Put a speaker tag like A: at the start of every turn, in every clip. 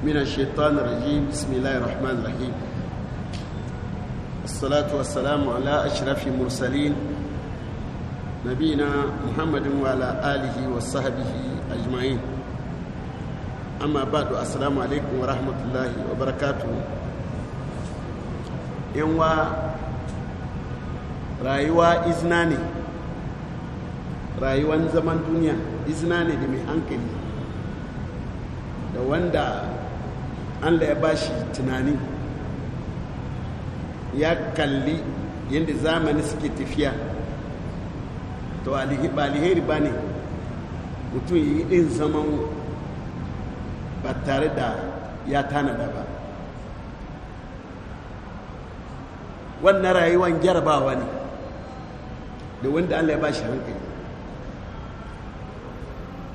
A: من الشيطان الرجيم بسم الله الرحمن الرحيم الصلاة والسلام على أشرف المرسلين نبينا محمد وعلى آله وصحبه أجمعين أما بعد السلام عليكم ورحمة الله وبركاته ينوى rayuwa izina ne rayuwan zaman duniya izina ne da mai hankali da wanda allah ya ba shi tunani ya kalli yadda zamani suke tafiya to ba alheri ba ne mutum yi ɗin zaman ba tare da ya tanada ba wannan rayuwan jarabawa ne da wanda allah ya ba shi hankali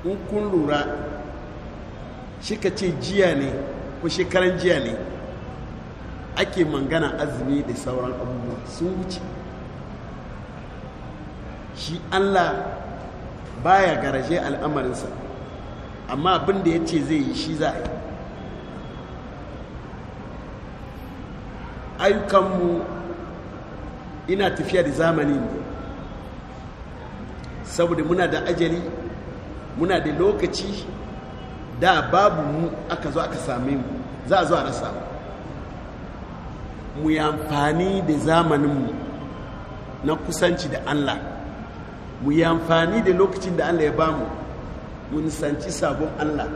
A: in kun lura shi ka ce jiya ne ko shekaran jiya ne ake mangana azumi da sauran abubuwa sun wuce shi allah baya garaje al'amarinsa amma abin da ya ce zai yi shi za a yi ayyukanmu ina tafiya da zamani ne saboda muna da ajali muna da lokaci da babu mu aka zo aka same mu za a zo a rasa mu yi amfani da zamaninmu na kusanci da allah mu yi amfani da lokacin da allah ya bamu mu nisanci sabon allah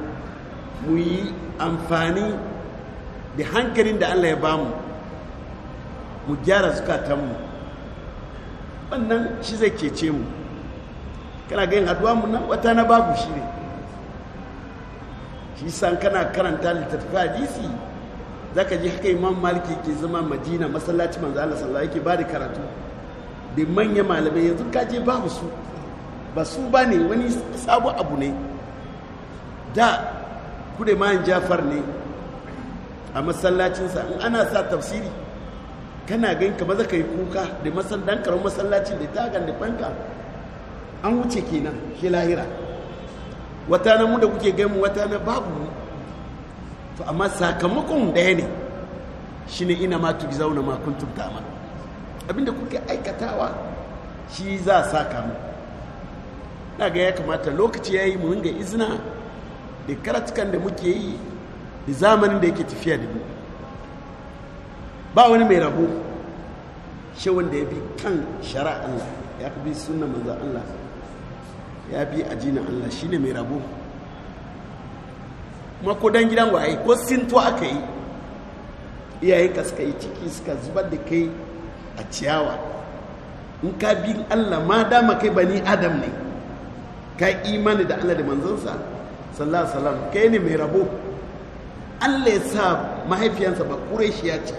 A: mu yi amfani da hankalin da allah ya bamu mu gyara zukatanmu wannan shi zai kece mu kana ganin haduwa mu nan wata na babu shi ne shi san kana karanta littattafai hadisi zaka ji haka imam maliki ke zama madina masallaci manzo Allah sallallahu yake ba da karatu da manyan malamai yanzu ka je babu su ba su ba ne wani sabo abu ne da kude ma jafar ne a masallacinsa in ana sa tafsiri kana gan ka maza ka yi kuka da masan masallacin da tagan da fanka an wuce kenan shi lahira wata na mu da kuke gaimu wata na babu mu to amma sakamakon daya ne shine ina ma tuki zauna ma abinda kuke aikatawa shi za saka mu na ga ya kamata lokaci ya yi mu ringa izina da karatukan da muke yi da zamanin da yake tafiya da mu ba wani mai rabo shi wanda ya bi kan shara'an ya fi bi manzan Allah ya bi jinin Allah shine mai rabo makodan gidan waye ko sintu aka yi iyayenka suka yi ciki suka zubar da kai a ciyawa in ka bi Allah ma dama kai bani adam ne ka imani da Allah da manzansa sallallahu alaihi wasallam kai ne mai rabo Allah ya sa mahaifiyansa ba kureshi ya ce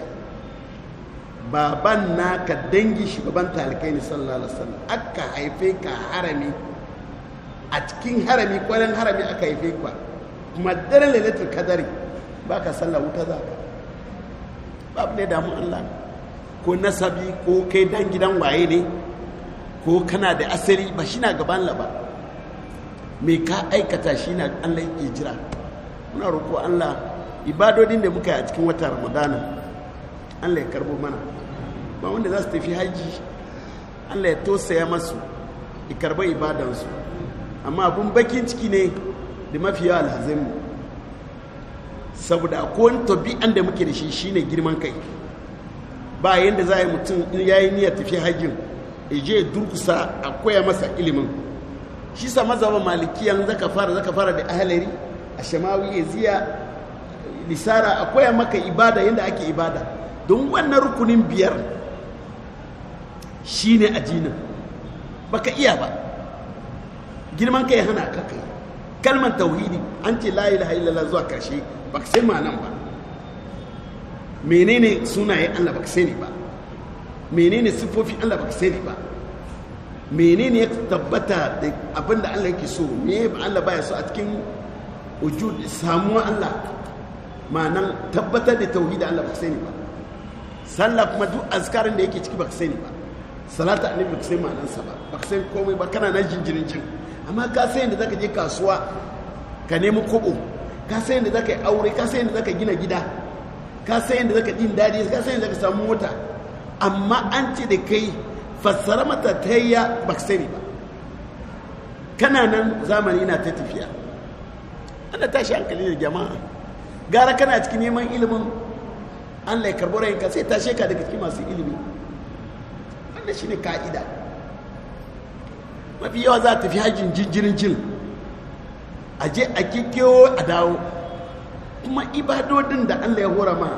A: baban naka dangi shugaban talikai ne sallallahu alaihi wasallam aka haife ka harami a cikin harami kwanan harami aka haife ka kuma daren lalatul kadari ba ka sallah wuta za ka ba ne damu Allah ko nasabi ko kai dan gidan waye ne ko kana da asali ba shi na gaban la ba me ka aikata shi na Allah yake jira muna roƙo Allah ibadodin da muka yi a cikin wata ramadana Allah ya karbo mana ba wanda za su tafi haji Allah ya tosaya masu ya karba ibadansu amma abun bakin ciki ne da mafiya alhazinmu saboda akwai tabi'an da muke da shi shine girman kai ba yadda za a yi mutum in ya yi niyyar tafi hajjin je durkusa a koya masa ilimin shi sa mazaba malikiyan zaka fara zaka fara da ahalari a shamawi ziya lisara a koya maka ibada yadda ake ibada don wannan rukunin biyar shine ba baka iya ba girman kai hana ka kai kalmar tauhidi an ce la ilaha illallah zuwa karshe ba ka sai malam ba menene sunaye Allah ba ka sani ba menene sifofi Allah ba ka sani ba menene ya tabbata da abin da Allah yake so me ba Allah baya so a cikin wujud samuwa Allah ma'anan tabbatar da tauhidi Allah ba ka sani ba sallah kuma duk azkarin da yake ciki ba ka sani ba salata annabi ba ka sani ma'anansa ba ba ka sani komai ba kana na jinjirin jin amma ka san yadda zaka je kasuwa ka nemi kobo ka san yadda zaka yi aure ka san yadda zaka gina gida ka san yadda zaka jin dadi ka san yadda zaka samu mota amma an ce da kai fassara mata ta tayya ba sani ba kana nan zamani na ta tafiya ana tashi hankali da jama'a gara kana cikin neman ilimin an ya karɓi rayinka sai tashe ka daga cikin masu ilimi wannan shine ka'ida mafi yawa za a tafi hajjin jirgin jil a je a kikkewo a dawo kuma ibadodin da allah ya hura ma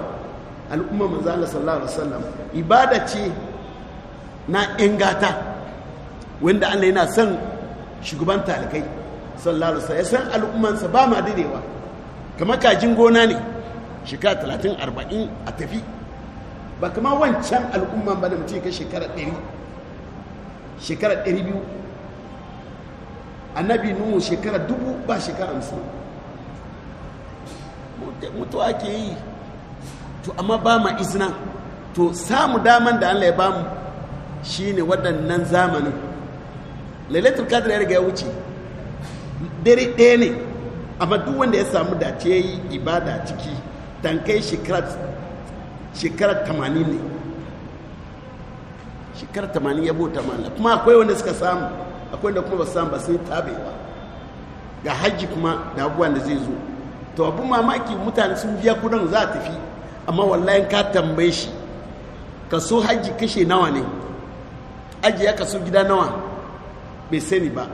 A: al'umma manzo Allah sallallahu alaihi wasallam ibada ce na yan gata wanda Allah yana son shugaban talikai sallallahu alaihi wasallam ya san al'ummansa ba ma dadewa kamar kajin gona ne shekara talatin arba'in a tafi ba kama wancan al'umman ba da mutum ka shekara 100 shekara ɗari biyu annabi nuhu shekara dubu ba shekara hamsin mutu ake yi to amma ba ma izina to samu daman da allah ya ba mu shi ne waɗannan zamanin lalatar kadar ya riga ya wuce dare ɗaya ne amma duk wanda ya samu dace ya yi ibada ciki tankai shekara tamanin ne shekara tamanin ya bota mana kuma akwai wanda suka samu akwai da kuma basu ba sun ba ga hajji kuma da abubuwan da zai zo to abu mamaki mutane sun biya kudin za a tafi amma wallahi ka tambaye shi kaso hajji kashe nawa ne ajiya kaso gida nawa bai sani ba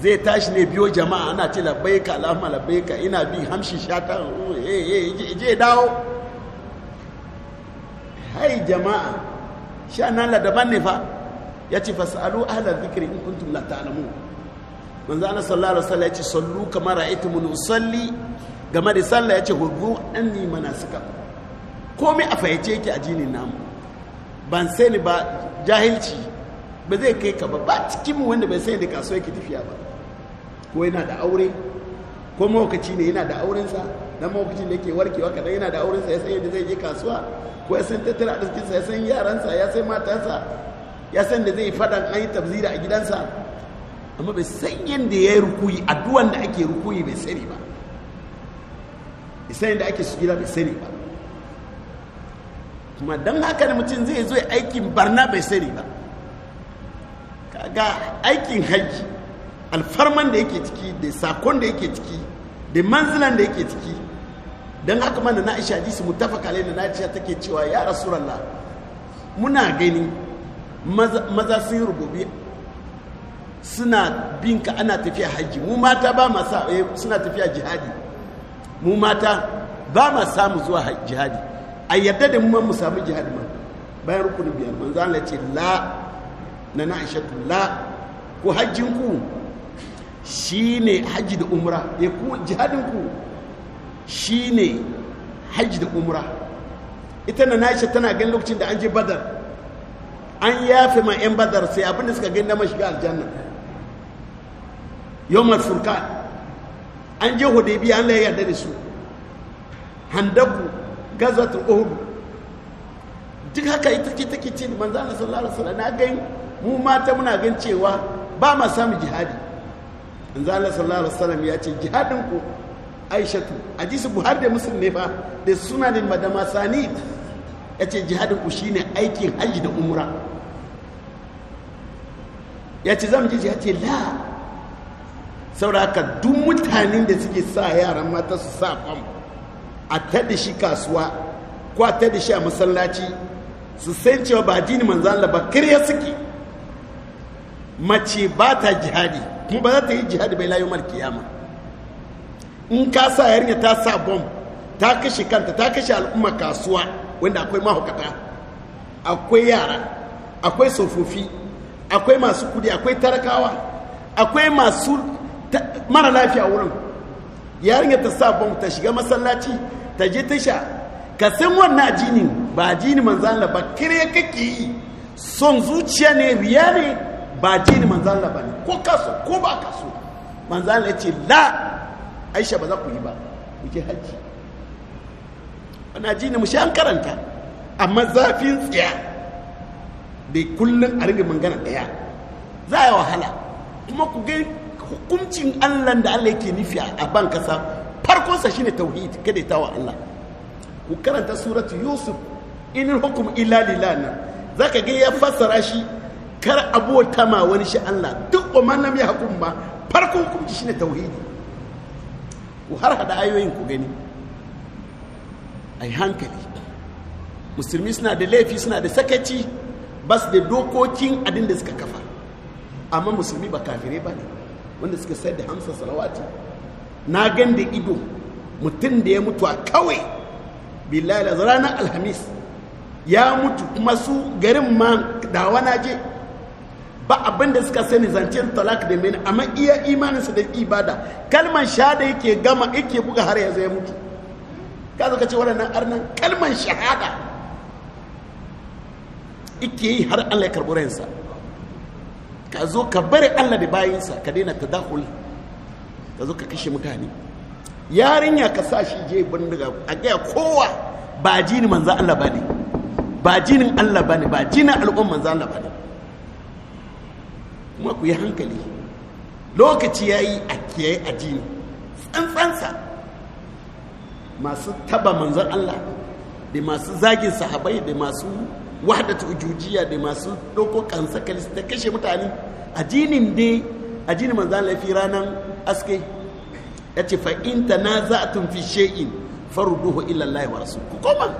A: zai tashi ne biyo jama'a ana ce ka alama alhamma ka ina bi hamshi shata oh, eh, eh, je dawo hai jama'a sha nan daban ne fa ya ce fasalu ahla dhikri in kuntum la ta'lamun manzo Allah sallallahu alaihi wasallam ya ce sallu kama ra'aytumun usalli game da sallah ya ce hudu anni manasika komai a fayyace yake a jinin namu ban sani ba jahilci ba zai kai ka ba ba cikin mu wanda bai sani da kasuwa yake tafiya ba ko yana da aure ko mawakaci ne yana da aurensa dan mawakacin da yake warkewa kadan yana da aurensa ya san yadda zai je kasuwa ko ya san tattara arzikinsa ya san yaransa ya san matansa ya san da zai fadan an yi tafsiri a gidansa amma bai san yadda ya yi rukuyi addu'an da ake rukuyi bai sani ba bai san yadda ake gida bai sani ba kuma don haka da mutum zai zo aikin barna bai sani ba kaga aikin hajji alfarman da yake ciki da sakon da yake ciki da manzilan da yake ciki don haka mana na isha hadisi mutafaka alai da na take cewa ya rasulallah muna gani maza sun yi rububi suna binka ana tafiya haji mu mata ba ma sa eh, suna tafiya jihadi mu mata ba ma samu zuwa jihadi a yadda da mu mu samu jihadi ma bayan rukuni biyar manzo Allah ce la na na aishatu la ku hajjin ku shine haji da umra ya eh, ku jihadin ku shine haji da umra ita na na aisha tana gan lokacin da an je badar an yafe ma 'yan badar sai abinda suka gani na mashiga aljanna yawon furka an je hudabi an laye yarda da su handaku gazatul uhud duk haka ita ce take ce da manzan Allah sallallahu alaihi na gani mu mata muna gan cewa ba ma samu jihadi manzo Allah sallallahu alaihi ya ce jihadin ku Aishatu hadisi Buhari da musulun ne fa da sunanin madama sani ya ce jihadin ku shine aikin hajji da umra ya ce za mu je ya ce la sauraka duk mutanen da suke sa yaran mata su sa fam a taɗa shi kasuwa ko a taɗa shi a masallaci su san cewa ba jini manzan Allah ba kirya suke mace ba ta jihadi kuma ba za ta yi jihadi bai layu kiyama in ka sa yarinya ta sa bom ta kashe kanta ta kashe al'umma kasuwa wanda akwai mahaukata akwai yara akwai tsofaffi akwai masu kudi akwai tarakawa akwai masu mara lafiya wurin yarinya ta sa bom ta shiga masallaci ta je ta sha ka san wannan jini ba jini manzan Allah ba kire kake yi son zuciya ne riya ne ba jini manzan Allah ba ne ko kaso ko ba kaso manzan Allah ya ce la aisha ba za ku yi ba ku je hajji wannan jini mu sha an karanta amma zafin tsiya da kullum a ringa magana daya za a yi wahala kuma ku gai hukuncin allan da allah yake nufi a ban kasa farkonsa shine tauhid kada ta wa allah ku karanta suratu yusuf inin hukum ila lilana za ka gai ya fassara shi kar abota ma wani shi allah duk wa manam ya hukum ma farkon hukunci shine tauhidi ku har hada ayoyin ku gani ai hankali musulmi suna da laifi suna da sakaci ba su da dokokin abin da suka kafa amma musulmi ba kafirai ba ne wanda suka sayar da hamsa salawati na gan da ido mutum da ya mutu a kawai billahi da ranar alhamis ya mutu kuma su garin ma dawa na je ba abin da suka sani zancen talak da mene amma iya imaninsa da ibada kalman shahada yake gama yake buga har ya mutu ka zaka ce waɗannan arnan kalman shahada ike yi har Allah ya karbi ransa ka zo ka bari Allah da bayinsa ka daina ta tadahuli ka zo ka kashe mutane yarinya ka sa shi je bindiga a gaya kowa ba jini manzo Allah bane ba jinin Allah bane ba jinin al'umma manzo Allah bane kuma ku yi hankali lokaci yayi a kiyaye a jini tsantsansa masu taba manzon Allah da masu zagin sahabai da masu ta ujujiya da masu ɗauko kansa kalis ta kashe mutane a jinin da a jini manzan fi ranar aske yace fa in tanaza'tum fi shay'in faru ila Allah wa rasu ku koma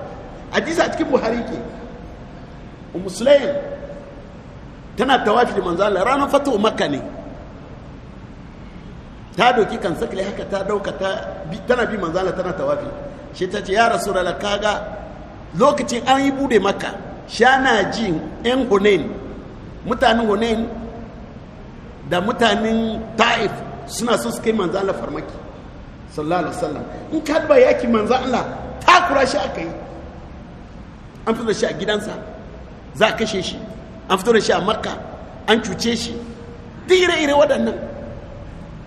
A: jisa a cikin Buhari ke Muslim tana tawafi da manzo Allah ranan fatu maka ne ta doki kansa kalis haka ta dauka ta tana bi manzan Allah tana tawafi shi ta ce ya rasu da kaga lokacin an yi bude Maka. shana ji yan hunain mutanen hunain da mutanen ta'if suna so su kai Allah farmaki sallallahu alaihi wasallam in ka ba yaki manzan Allah takura shi aka yi an fito da shi a gidansa za a kashe shi an fito da shi a makka an cuce shi duk ire-ire waɗannan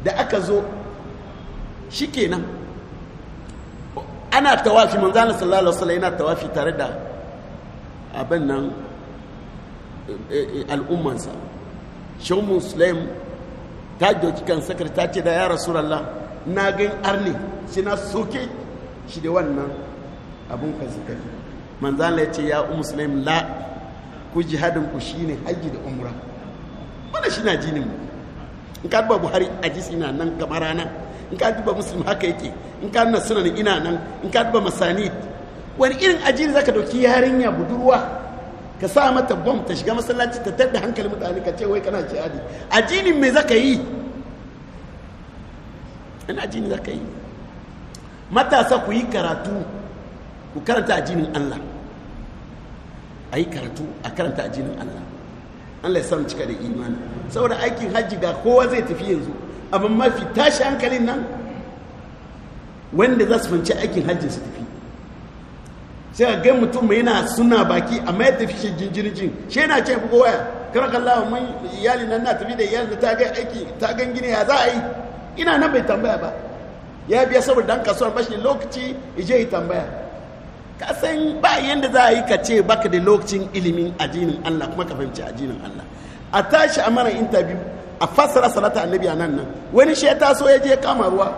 A: da aka zo shi kenan ana tawafi manzan Allah sallallahu alaihi wasallam yana tawafi tare da abin nan eh, eh, al'ummansa shan muslim ta doki kan sakar ta ce da ya rasulallah na gan arni shi na soke shi da wannan abin kan sakar manzan ya ce ya muslim la ku jihadin ku shi ne hajji da umra wanda shi na jinin mu in ka duba buhari a jisi na nan kamar nan in ka duba muslim haka yake in ka nuna sunan ina nan in ka duba masanid wani irin ajiyar zaka dauki yarinya budurwa ka sa mata bom ta shiga masallaci ta tada hankali mutane ka ce wai kana jihadi ajinin me zaka yi ina ajini zaka yi matasa ku yi karatu ku karanta ajinin Allah a yi karatu a karanta ajinin Allah Allah ya samu cika da imani saboda aikin hajji ga kowa zai tafi yanzu abin mafi tashi hankalin nan wanda za su fanci aikin hajjin su tafi sai ga mutum mai yana suna baki a mai tafi shi jinjirjin shi yana ce buga waya kar kallawa mun iyali nan na tafi da iyali ta ga aiki ta gan gini ya za a yi ina nan bai tambaya ba ya biya saboda dan kasuwar bashi lokaci ije yi tambaya ka san ba yanda za a yi ka ce baka da lokacin ilimin addinin Allah kuma ka fahimci addinin Allah a tashi a mara interview a fassara salata annabi a nan nan wani shi ya taso ya je kama ruwa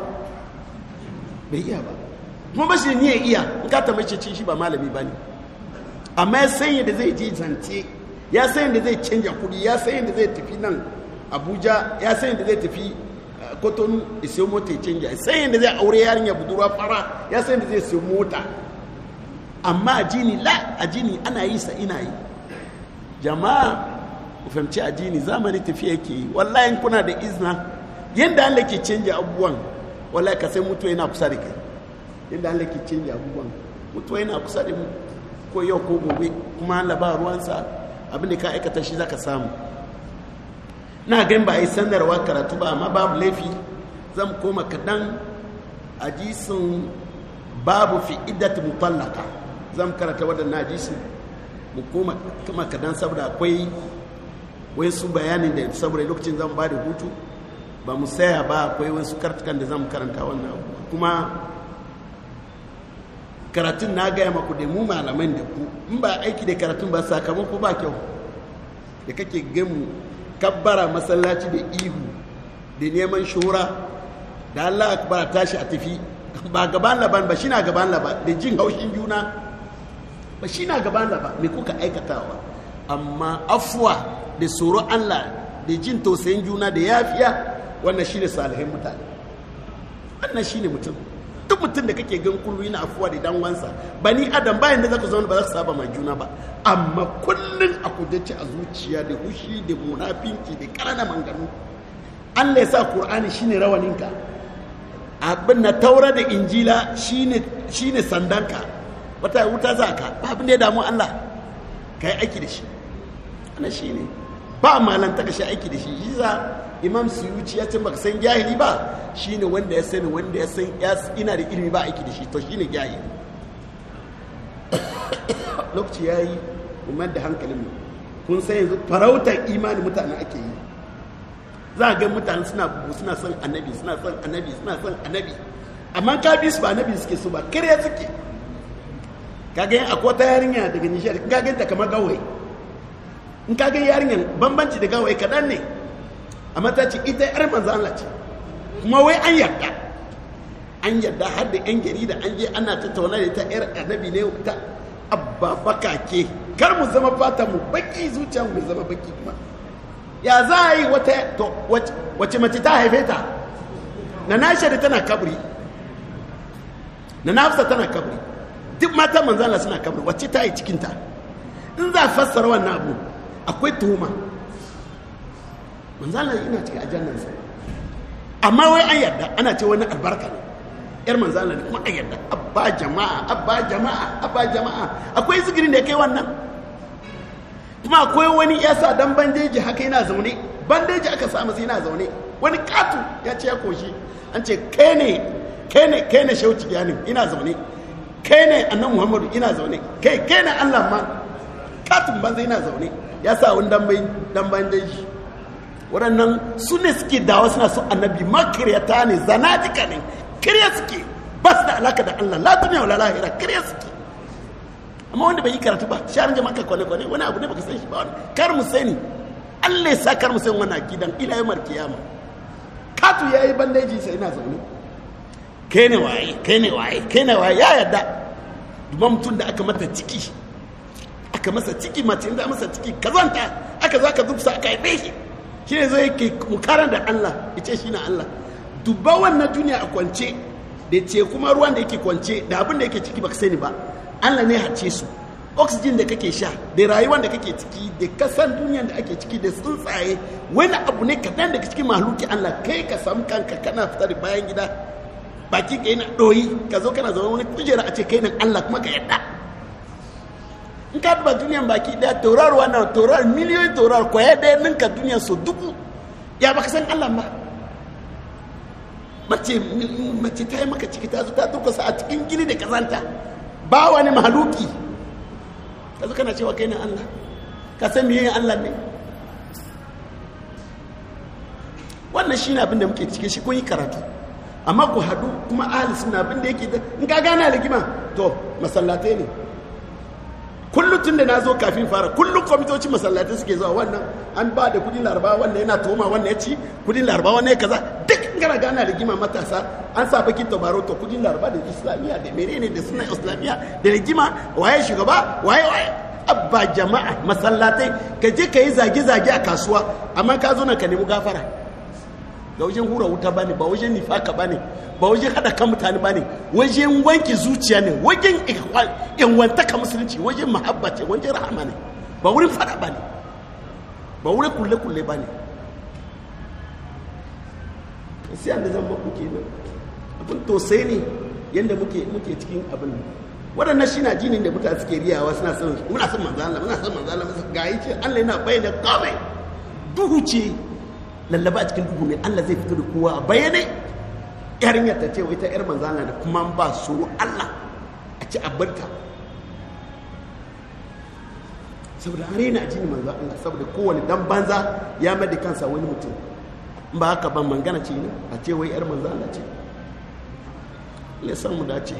A: bai iya ba kuma ba shi ne niyan iya in ka mace ce shi ba malami ba ne amma ya san yadda zai je zance ya san yadda zai canja kudi ya san yadda zai tafi nan abuja ya san yadda zai tafi eh, kotonu ya sayo mota ya canja ya san yadda zai aure ya budurwa fara ya san yadda zai sayo mota amma ajini la ajini ana yi sa ina yi jama'a ku fahimci ajini zamani tafiya yake yi wallahi kuna da izna yadda da ke canja abubuwan wallahi ka sai mutuwa yana kusa da kai yadda Allah ke canja abubuwan mutuwa yana kusa da ko yau ko gobe kuma Allah ba ruwansa abin da ka aikata shi zaka samu na gan ba a yi sanarwa karatu ba amma babu laifi zan koma kaɗan jisun babu fi iddat mutallaka zan karanta waɗannan jisun mu koma kama kaɗan saboda akwai wai su bayanin da saboda lokacin zan ba da hutu ba mu saya ba akwai wasu kartukan da zan karanta wannan kuma karatun na gaya maku da mu malaman da ku in ba aiki da karatun ba sakamako ba kyau da kake gamu kabbara masallaci da ihu da neman shura da allah akbar tashi a tafi ba gaban laban ba shina gaban laban da jin haushin juna ba shina gaban laban me kuka aikatawa amma afuwa da tsoro allah da jin tausayin juna da yafiya wannan shine salihin mutane wannan shine mutum duk mutum da kake gan kullu yana afuwa da dan wansa bani adam bayan da za ku zauna ba za ku saba ma juna ba amma kullun a kudace a zuciya da hushi da munafinki da karana manganu Allah ya sa Qur'ani shine rawaninka abin na taura da injila shine shine sandanka wata wuta za ka ba abin da ya damu Allah kai aiki da shi ana shine ba malanta ka shi aiki da shi shi za imam suyuci ya ce ba san jahili ba shine wanda ya sani wanda ya san ina da ilimi ba aiki da shi to shine jahili lokaci ya yi umar da hankalin kun sai yanzu farautar imanin mutane ake yi za a ga mutane suna bugu suna son annabi suna son annabi suna son annabi amma ka bi su ba annabi suke so ba kare suke kaga a akwai ta yarinya daga nishiyar kaga ta kamar gawai in kaga yarinyar bambanci da gawai kaɗan ne amma ta ce ita yar manzo Allah ce kuma wai an yarda an yarda har da yan jarida an je ana tattauna da ta yar annabi ne ta abba bakake kar mu zama fata mu baki zuciya mu zama baki kuma ya za a yi wata to wace mace ta haife ta na nasha da tana kabri na nafsa tana kabri duk mata manzana suna kabri wacce ta yi cikinta in za a fassara wannan abu akwai tuhuma manzala ina cikin ajannansa amma wai an yarda ana ce wani albarka ne yar manzala ne kuma an yarda abba jama'a abba jama'a abba jama'a akwai zikirin da ya kai wannan kuma akwai wani ya sa dan bandeji haka yana zaune bandeji aka samu sai yana zaune wani katu ya ce ya koshi an ce kai ne kai ne kai ne shauci yanin ina zaune kai ne annan muhammadu ina zaune kai kai ne allah ma katun banza ina zaune ya sa wani dan bandeji waɗannan su ne suke dawa suna so annabi ta ne zanadika ne kirya suke ba su da alaka da allah la duniya wala lahira kirya suke amma wanda bai yi karatu ba sharan jama'a ka kwane kwane wani abu ne baka san shi ba wani kar mu sani allah ya sa kar mu sani wannan akidan ila yamar kiyama katu ya yi bandeji sai ina zaune kai ne waye kai ne waye kai ne waye ya yadda duban mutum da aka mata ciki aka masa ciki mace inda masa ciki kazanta aka zaka dubsa zubsa aka yi shi ke zai ke da Allah ya ce shi na Allah dubba wannan duniya a kwance da ce kuma ruwan da yake kwance da abin da yake ciki baka sani ba Allah ne harce su oxygen da kake sha da rayuwar da kake ciki da kasan duniyar da ake ciki da tsuntsaye wani abu ne kaɗan daga cikin mahaluki Allah kai ka samu kanka kana fita da bayan gida baki kai na ɗoyi ka zo kana zama wani kujera a ce kai nan Allah kuma ka yadda in ka duba duniyan baki daya taurar wannan taurar miliyoyin taurar kwaya daya ninka duniyan so dubu ya baka san allah ba mace mace ta yi maka ciki ta zo ta durkusa a cikin gini da kazanta ba wani mahaluki ka zo kana cewa kai ne allah ka san meye allah ne wannan shi ne abin da muke cikin shi kun yi karatu amma ku haɗu kuma ahalisun abin da yake in ka gana rigima to masallatai ne kullum tun da na zo kafin fara kullum kwamitoci masallatai suke zuwa wannan an ba da kudin laraba wannan yana toma wannan ya ci kudin laraba wannan ya kaza duk gara gana rigima matasa an sa baki tabaro to kudin laraba da islamiyya da menene da suna islamiyya da rigima waye shugaba waye waye abba jama'a masallatai ka je ka yi zage-zage a kasuwa amma ka zo na ka nemi gafara ba wajen hura wuta bane ba wajen nifaka bane ba wajen hada kan mutane bane wajen wanki zuciya ne wajen yanwantaka musulunci wajen mahabbata wajen rahama ne ba wurin fada bane ba wurin kulle kulle bane sai an da zan maku kenan abin tosai ne yadda muke muke cikin abin waɗannan shi na jinin da mutane suke riyawa suna son muna son manzala muna son manzala ga yi ce Allah yana bayyana komai duhu ce lallaba a cikin duhu ne Allah zai fito da kowa a bayyane yarinyar ta ce wai ta yar manzana da kuma ba su Allah a ci abarta saboda an raina ajini manzo Allah saboda kowane dan banza ya mai da kansa wani mutum ba haka ban mangana ce ne a ce wai yar manzo Allah ce Allah mu dace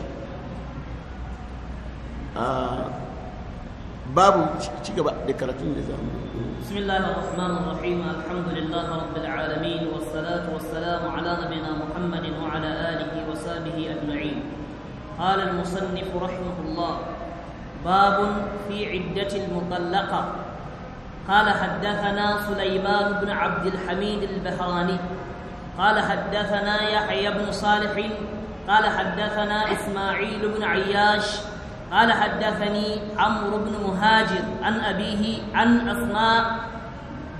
A: a ah, باب شيكا ذكرتني
B: بسم الله الرحمن الرحيم الحمد لله رب العالمين والصلاة والسلام على نبينا محمد وعلى آله وصحبه أجمعين قال المصنف رحمه الله باب في عدة المطلقة قال حدثنا سليمان بن عبد الحميد البهراني قال حدثنا يحيى بن صالح قال حدثنا إسماعيل بن عياش قال حدثني عمرو بن مهاجر عن أبيه عن أسماء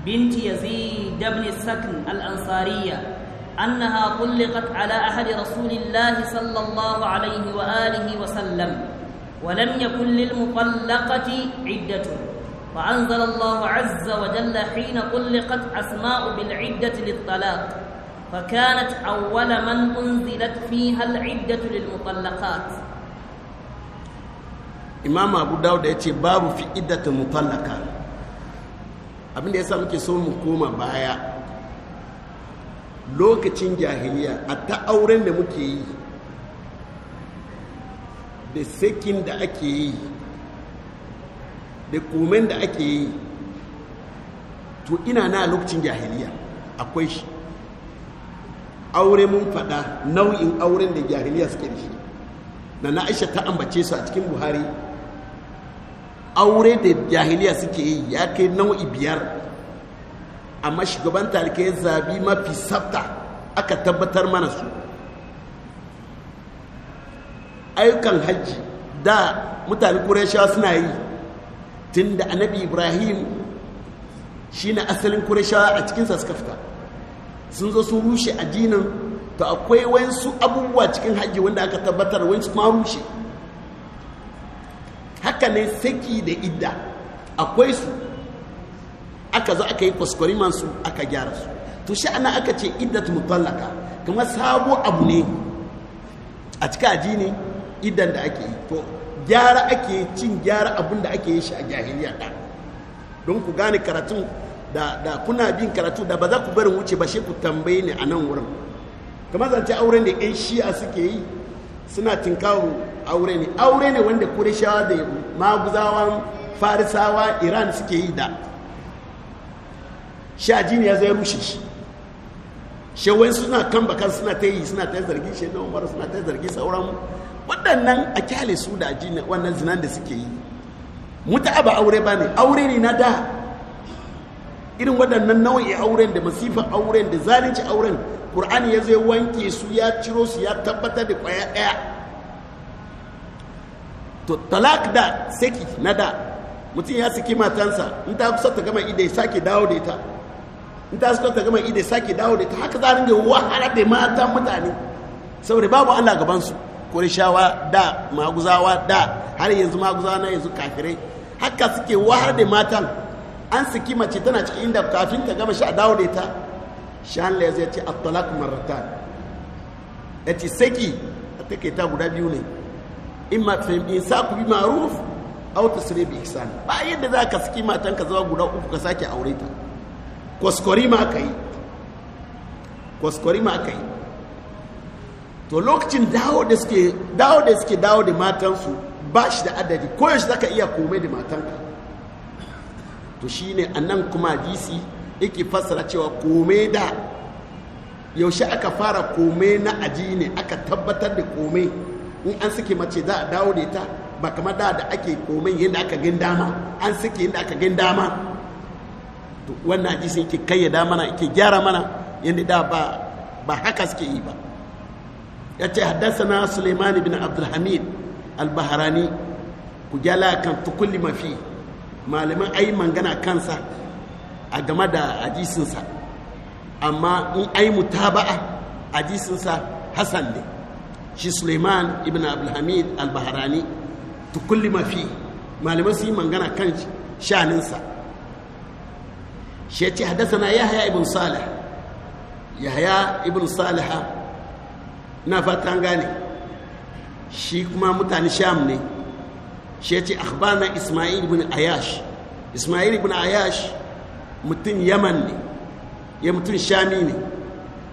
B: بنت يزيد بن السكن الأنصارية أنها طلقت على أحد رسول الله صلى الله عليه وآله وسلم ولم يكن للمطلقة عدة فأنزل الله عز وجل حين طلقت أسماء بالعدة للطلاق فكانت أول من أنزلت فيها العدة للمطلقات
A: imam abu dawud ya ce babu fi iddatu mutallaka abinda ya sa muke so mu koma baya lokacin jahiliya a ta auren da muke yi da sakin da ake yi da komen da ake yi to ina na lokacin jahiliya akwai shi aure mun faɗa nau'in auren da jahiliya suke da shi na na aisha ta ambace su a cikin buhari aure da jahiliya suke yi ya kai nau'i biyar amma shugaban talika ya zabi mafi sabta aka tabbatar mana su ayyukan hajji da mutane shawa suna yi tun da annabi ibrahim shi na asalin shawa a cikin saskafta sun zo sun rushe addinin to akwai wayansu abubuwa cikin hajji wanda aka tabbatar wayansu kuma rushe haka saki da idda akwai su aka zo aka yi kwaskwariman su aka gyara su to sha'ana aka ce idda iddat mutallaka kuma sabo abu ne a cika aji ne idan da ake yi to gyara ake cin gyara abin da ake yi shi a jahiliya da don ku gane karatu da, da kuna bin karatu da ba za ku barin wuce ba shi ku tambaye ni a nan wurin kamar zance auren da 'yan shi'a suke yi suna tinkawo aure ne aure ne wanda kurishawa da maguzawan farisawa iran suke yi da sha jini ya zai rushe shi shawai suna kan bakan suna ta yi suna ta zargi shi na umaru suna ta zargi sauran waɗannan a kyale su da jini wannan zinan da suke yi muta aba aure ba ne aure ne na da irin waɗannan nau'in auren da masifan auren da zalunci auren ƙur'ani ya zai wanke su ya ciro su ya tabbatar da ƙwaya ɗaya to talak da saki na da mutum ya saki matansa in ta kusa ta gama ida sake dawo da ita in ta kusa ta gama ida sake dawo da ita haka za ringa wahala da mata mutane saboda babu Allah gabansu kurishawa da maguzawa da har yanzu maguzawa na yanzu kafirai haka suke wahala da matan an saki mace tana cikin inda kafin ta gama sha dawo da ita shan la ya ce at-talaq marratan yace saki take ta guda biyu ne imma ku bi ma'ruf aw tasrih bi ihsan ba yadda za ka saki matanka zuwa guda uku ka sake aure ta kwaskwari ma aka yi kwaskwari ma aka yi to lokacin dawo da suke dawo da suke dawo da matansu ba shi da adadi koyaushe za ka iya komai da matanka to shine a nan kuma hadisi yake fassara cewa komai da yaushe aka fara komai na aji ne aka tabbatar da komai in an suke mace za a dawo da ita ba kamar da da ake komai yadda aka gan dama an suke yadda aka gan dama wannan hadisi yake kayyada mana yake gyara mana yadda da ba ba haka suke yi ba ya ce na suleiman bin abdulhamid al-baharani ku gyala kan tukulli mafi malaman ayi mangana kansa a game da hadisinsa amma in ayi mutaba'a hadisinsa Hassan ne shi suleiman ibn abdulhamid al-baharani tukulli mafi malamai su yi mangana kan shaninsa shi ya ce haddasa yahya ibn salih yahya ibn saliha na fatan gane shi kuma mutane sham ne shi ya ce akhbarna ismail ibn ayash ismail ibn ayash mutum yaman ne ya mutum shami ne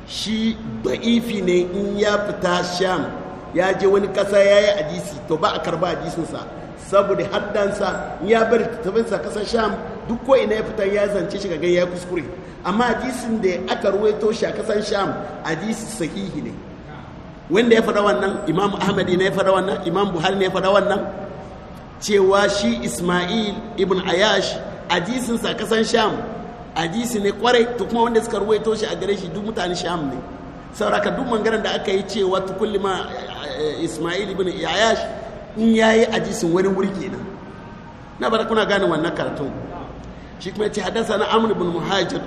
A: shi ba'ifi ne in ya fita sham ya je wani kasa ya yi hadisi to ba a karba hadisinsa saboda haddansa ya bar tafinsa kasar sham duk ko ina ya fita ya zance shi ga ya kuskure amma hadisin da aka ruwaito shi a kasar sham hadisi sahihi ne wanda ya faɗa wannan imam ahmadi ne ya faɗa wannan imam buhari ne ya faɗa wannan cewa shi isma'il ibn ayash hadisinsa kasan sham hadisi ne kwarai to kuma wanda suka ruwaito shi a gare shi duk mutane sham ne sauraka duk mangaran da aka yi cewa tukulli ma eh, ismail ibn iyayash in yayi hadisin wani wuri kenan na bar kuna gane wannan karatun shi kuma ce haddasa na amr ibn muhajir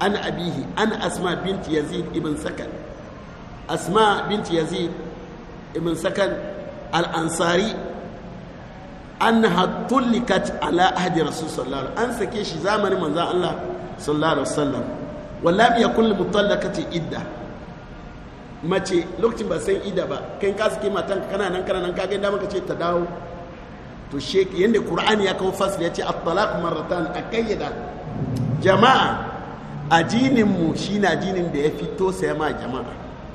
A: an abihi an asma bint yazid ibn sakan asma bint yazid ibn sakan al-ansari annaha tullikat ala ahdi rasul sallallahu an sake shi zamanin manzon Allah sallallahu alaihi wasallam wallam ka mutallaqati idda mace lokacin ba san idda ba kai ka sake matan kana nan kana nan ka ga dama ce ta dawo to she yanda qur'ani ya kawo fasli ya ce at-talaq marratan akayyada jama'a ajinin mu shine ajinin da ya fito sai ma jama'a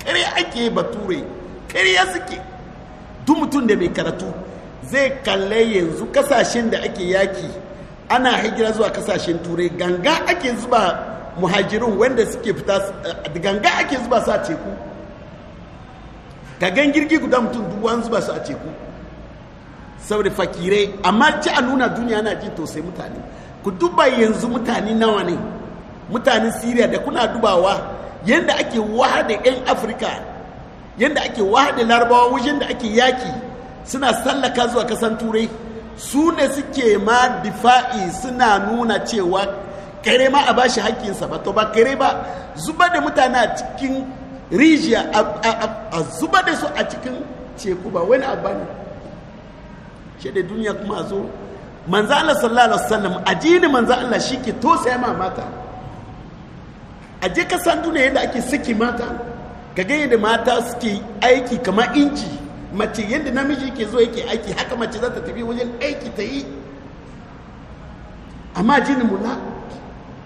A: kare ake bature kare ya suke duk mutum da mai karatu zai kalle yanzu kasashen da ake yaki ana hijira zuwa kasashen turai ganga ake zuba muhajirun wanda suke fita eh, ganga ake zuba su a teku gagan girgi guda mutum duk an zuba su a teku saboda fakirai amma ci a nuna duniya na jin tausayi mutane ku duba yanzu mutane nawa ne mutanen syria da kuna dubawa yadda ake waha da 'yan afirka yadda ake waha da larabawa wajen da ake yaki suna sallaka zuwa kasan turai su ne suke ma difa'i suna nuna cewa kare ma a bashi haƙƙinsa ba to ba kare ba zuba da mutane a cikin rijiya a zuba da su a cikin ceku ba wani abu ne shi da duniya kuma zo manzo Allah sallallahu alaihi wasallam ajini manzo Allah shike to sai ma mata aje ka san duniya yadda ake saki mata kaga yadda mata suke aiki kamar inji mace yadda namiji ke zo yake aiki haka mace za ta tafi wajen aiki ta yi amma jini mula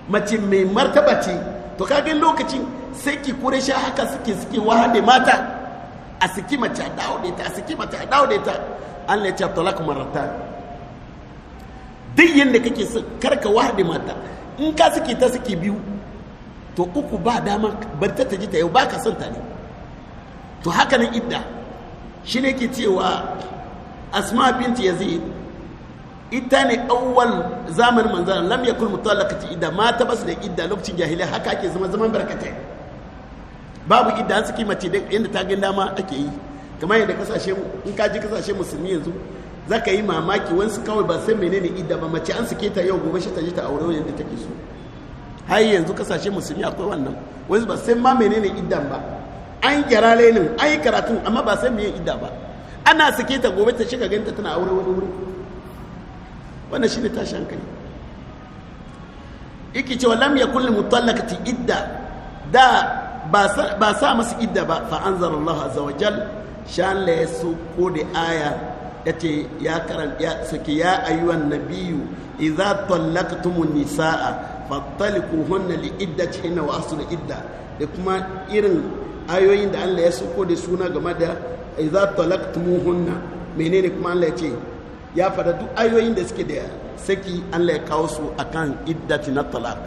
A: mace mai martaba ce to kaga lokacin sai ki kure sha haka suke suke wahade mata a suke mace a dawo da a suke mace a dawo da an lai chapter talak marata duk yadda kake so karka wahade mata in ka suke ta suke biyu to uku ba dama bar ta ta ji ta yau ba ka son ta ne to haka nan idda shi ne ke cewa asma binti yazid ita ne awwal zamanin manzana lam yakul mutallaqati idda mata basu da idda lokacin jahiliya haka ake zama zaman barkatai babu idda an saki mace da inda ta ganda ma ake yi kamar yadda kasashe in ka ji kasashe musulmi yanzu zaka yi mamaki wansu kawai ba san menene idda ba mace an suke ta yau gobe shi ta je ta aure yadda take so har yanzu kasashe musulmi akwai wannan wani ba san ma menene iddan ba an gyara lailin an yi karatun amma ba sai mai idda ba ana sake ta gobe ta shiga ganta tana aure wani wuri wannan ta tashi hankali iki cewa lam ya kulli mutallakati idda da ba sa masu idda ba fa zara Allah azza wa jal shan la yasu ko da aya ce ya karan ya suke ya ayyuhan nabiyyu idza tallaqtumun nisaa fattaliquhunna li iddatihinna wa aslu idda da kuma irin ayoyin da Allah ya sauko da suna game da idza talaqtumuhunna menene kuma Allah ya ce ya fada duk ayoyin da suke da saki Allah ya kawo su a kan iddati na talak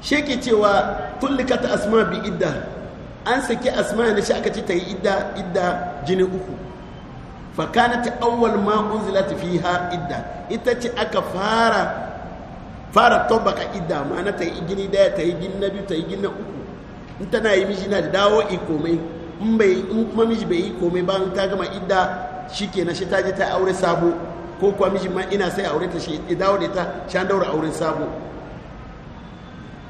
A: sheke cewa tullikat asma bi idda an saki asma ne shi aka ce ta yi idda idda jini uku fakana ta awwal ma fi ha idda ita ce aka fara fara tobaka idda ma'ana ta yi gini daya ta yi gini na biyu ta yi gini na uku in tana yi miji na da dawo i komai in bai in kuma miji bai yi komai ba in ta gama idda na shi ta je ta aure sabo ko kuwa miji ma ina sai aure ta shi dawo da ta shan daura auren sabo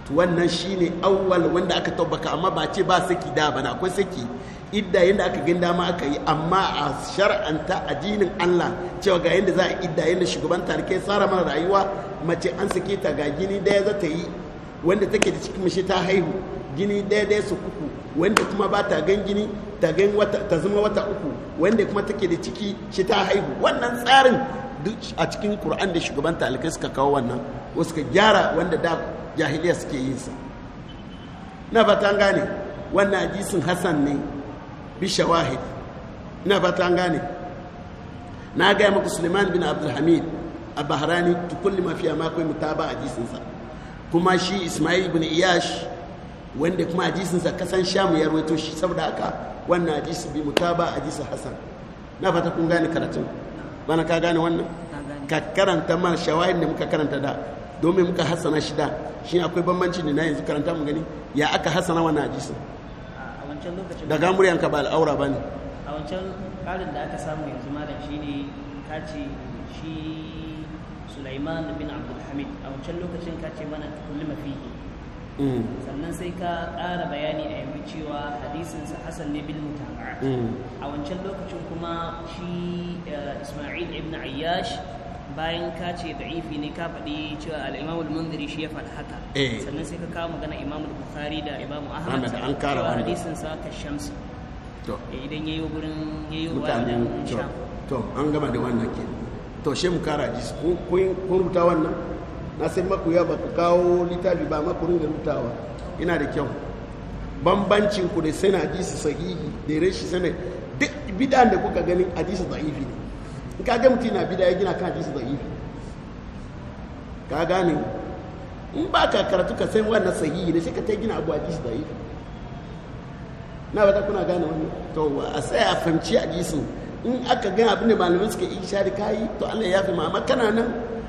A: wannan wannan shine awwal wanda aka tabbaka amma ba ce ba saki da bana akwai saki idda yadda aka gin dama aka yi amma a shar'anta addinin Allah cewa ga yadda za a idda yadda shugaban tarike tsara mana rayuwa mace an sake ta ga gini daya za ta yi wanda take da cikin mashi ta haihu gini daidai su uku wanda kuma ba ta gan gini ta gan wata ta zama wata uku wanda kuma take da ciki shi ta haihu wannan tsarin duk a cikin Qur'an da shugaban talikai suka kawo wannan ko suka gyara wanda da jahiliya suke yin sa na fata gane wannan hadisin Hassan ne bi shawahid na fata gane na ga muku Suleiman bin Abdulhamid a Bahrani tukulli mafiya ma akwai mutaba hadisin sa kuma shi Ismail ibn Iyash wanda kuma hadisinsa kasan shamu ya rawaito shi saboda haka wannan hadisi bi mutaba hadisi hasan na fata kun gane karatun bana ka gane wannan ka karanta mana shawahin da muka karanta da domin muka hasana shi da shi akwai bambanci ne na yanzu karanta mu gani ya aka hasana wannan
B: Da daga muryanka ba al'aura ba ne a wancan ƙarin da aka samu yanzu malam shi ne ka ce shi sulaiman bin abdulhamid a wancan lokacin ka ce mana kulli fiye. Mm. sannan sai ka ƙara bayani a yamma cewa hadisinsa hasan ne bil mutaba mm. a wancan lokacin kuma shi eh, isma'il ibn ayyash bayan ka ce da'ifi ne ka faɗi cewa al'imamu al-mundiri shi ya faɗi haka eh. sannan sai ka kawo magana imamu bukhari da imamu ahmad an kara wani hadisin sa ka shamsu to eh, idan yayi gurin yayi mutanen
A: to an gama da wannan ke to shi mu kara hadisi ko ko rubuta wannan na sai maku ya baku kawo littafi ba makurin da rutawa ina da kyau bambancin ku da sai na hadisi sahihi da rashi sanai duk bida da kuka ganin hadisi zaifi ne in ka ga mutum na bida ya gina kan hadisi zaifi ka gane in ba ka karatu ka san wannan sahihi da shi ka ta gina abu hadisi zaifi na ba ta kuna gane wannan to a sai a fahimci hadisin in aka gina abin da malamai suka yi shari kayi to Allah ya fi mamakana kana nan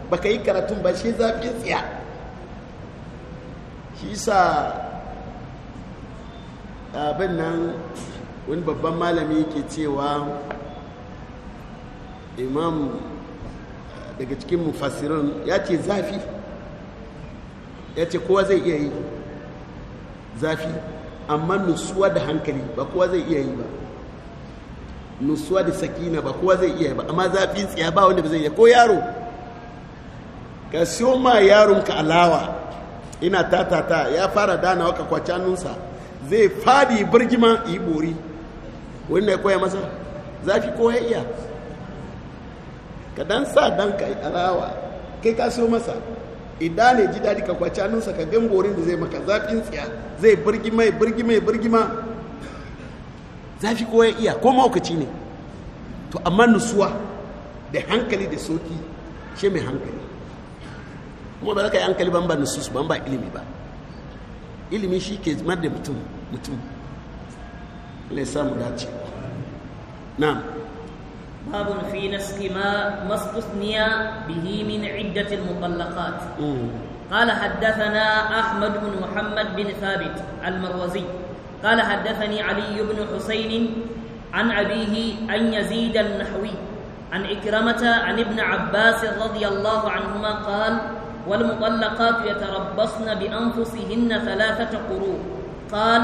A: baka yi karatun ba shi zafin tsiya shi sa abin nan wani babban malami ke cewa imam daga cikin mufassirin ya ce zafi ya ce kowa zai iya yi zafi amma nusuwa da hankali ba kowa zai iya yi ba nusuwa da sakina ba kowa zai iya yi ba amma zafin tsiya ba wanda ba zai iya ko yaro ka siyo ma yaronka alawa ina tatata ya fara dana ka kwace hannunsa zai fadi birgima yi bori wanda ya koya masa zafi ko ya iya ka dan sa dan ka alawa kai ka siyo masa idan ne ji daɗi ka kwace hannunsa ka gan borin da zai maka zafin tsiya zai birgima ya birgima ya birgima zafi ko ya iya ko mawakaci ne to amma nusuwa da hankali da soki shi mai hankali kuma ba za ka yi hankali ban ba nusus ban ba ilimi ba ilimi shi ke zama da mutum mutum Allah ya samu dace na'am
B: babun fi naski ma mastusniya bihi min iddatil mutallaqat قال حدثنا أحمد بن محمد بن ثابت المروزي قال حدثني علي بن حسين عن أبيه أن يزيد النحوي عن إكرمة عن ابن عباس رضي الله عنهما قال والمطلقات يتربصن بأنفسهن ثلاثة قروء قال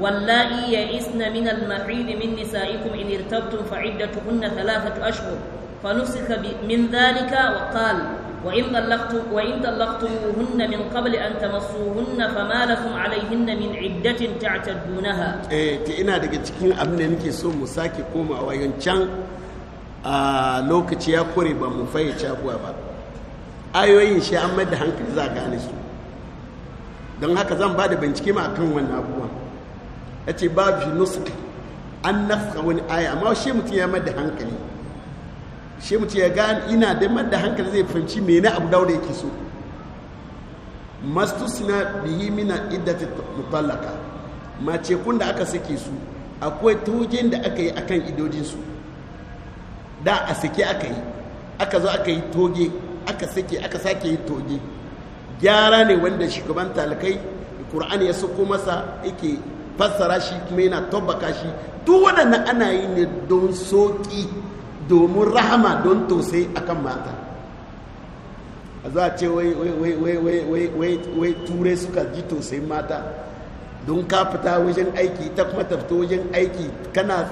B: واللائي يئسن من المحيض من نسائكم إن ارتبتم فعدتهن ثلاثة أشهر فنسخ من ذلك وقال وإن طلقتم وإن طلقتموهن من قبل أن تمسوهن فما لكم عليهن من عدة تعتدونها.
A: إيه تينا دقة تكين أبنى نكي سو مساكي كوما وينشان آه لوكتي يا كوري بمفاي تشابوا بابا. ayoyin shi an da hankali za a gane su don haka zan ba da bincike ma kan wani abubuwan ya ce babu shi nusuka an nafka wani aya amma shi mutum ya da hankali shi mutum ya gane ina da da hankali zai fahimci mene abu daura yake so na bihi min ta mutallaka mace kun da aka sake su akwai tujin da aka yi akan idojinsu su da a sake aka yi aka zo aka yi toge aka sake aka sake yi toge gyara ne wanda shugaban talakai qur'ani ya suko masa yake fassara shi kuma yana tabbaka shi duk waɗannan ana yi ne don soki domin rahama don tosai akan mata a za a ce wai turai suka ji tosai mata don ka fita wajen aiki ta kuma ta wajen aiki kana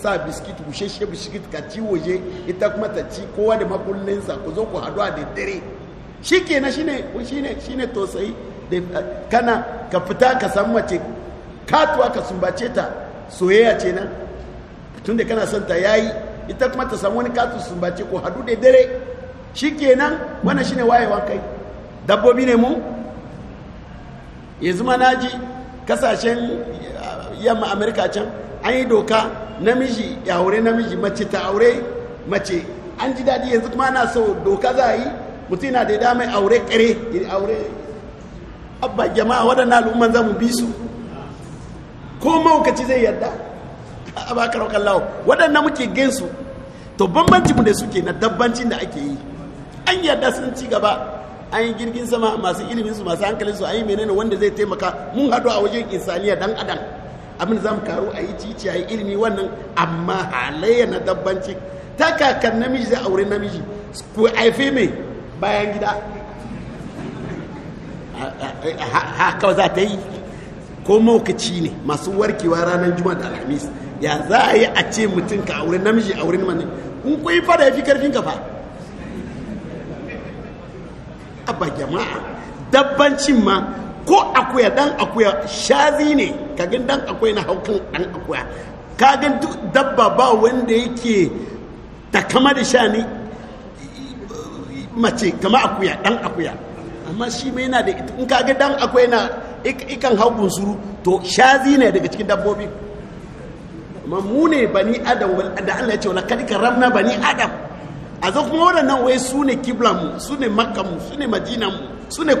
A: sa biskit busheshe biskit ka ci waje ita kuma ta ci kowa da makullinsa ku zo ku haɗu a daddare shi shi shine shi ne tosai da kana ka fita ka san mace katuwa ka sumbace ta soyayya ce nan tun da kana son ta yayi ita kuma ta samu wani katu sumbace ko hadu da dare shi kenan wannan shine wayewa kai dabbobi ne mu yanzu ma naji kasashen yamma amerika can an yi doka namiji ya aure namiji mace ta aure mace an ji daɗi yanzu kuma na so doka za a yi mutum na da damai aure kare aure abba jama'a waɗannan al'umman za mu bi su ko maukaci zai yarda a ba karau kallawo waɗannan muke gansu to bambanci mu da suke na dabbancin da ake yi an yarda sun ci gaba an yi girgin sama masu ilimin su masu hankalin su an yi menene wanda zai taimaka mun haɗu a wajen insaniya dan adam abin da za mu karu a yi cici a yi ilimi wannan amma halayya na dabbanci ta kakan namiji zai aure namiji ku haife mai bayan gida haka za ta yi ko maukaci ne masu warkewa ranar juma'a da alhamis ya za a yi a ce mutum ka aure namiji aure namiji in kun yi fada ya fi karfin kafa abba jama'a dabbancin ma ko akuya dan akuya shazi ne kagin dan akuya na haukan dan akuya kagin duk dabba ba wanda yake kama da shani mace kama akuya dan akuya amma shi mai yana da ita in kaga dan akuya na ikan haukun suru to shazi ne daga cikin dabbobi amma mu ne ni adam da Allah ya ce wala kad karamna bani adam a zo kuma waɗannan wai su ne kiblan mu su ne makka mu su ne su ne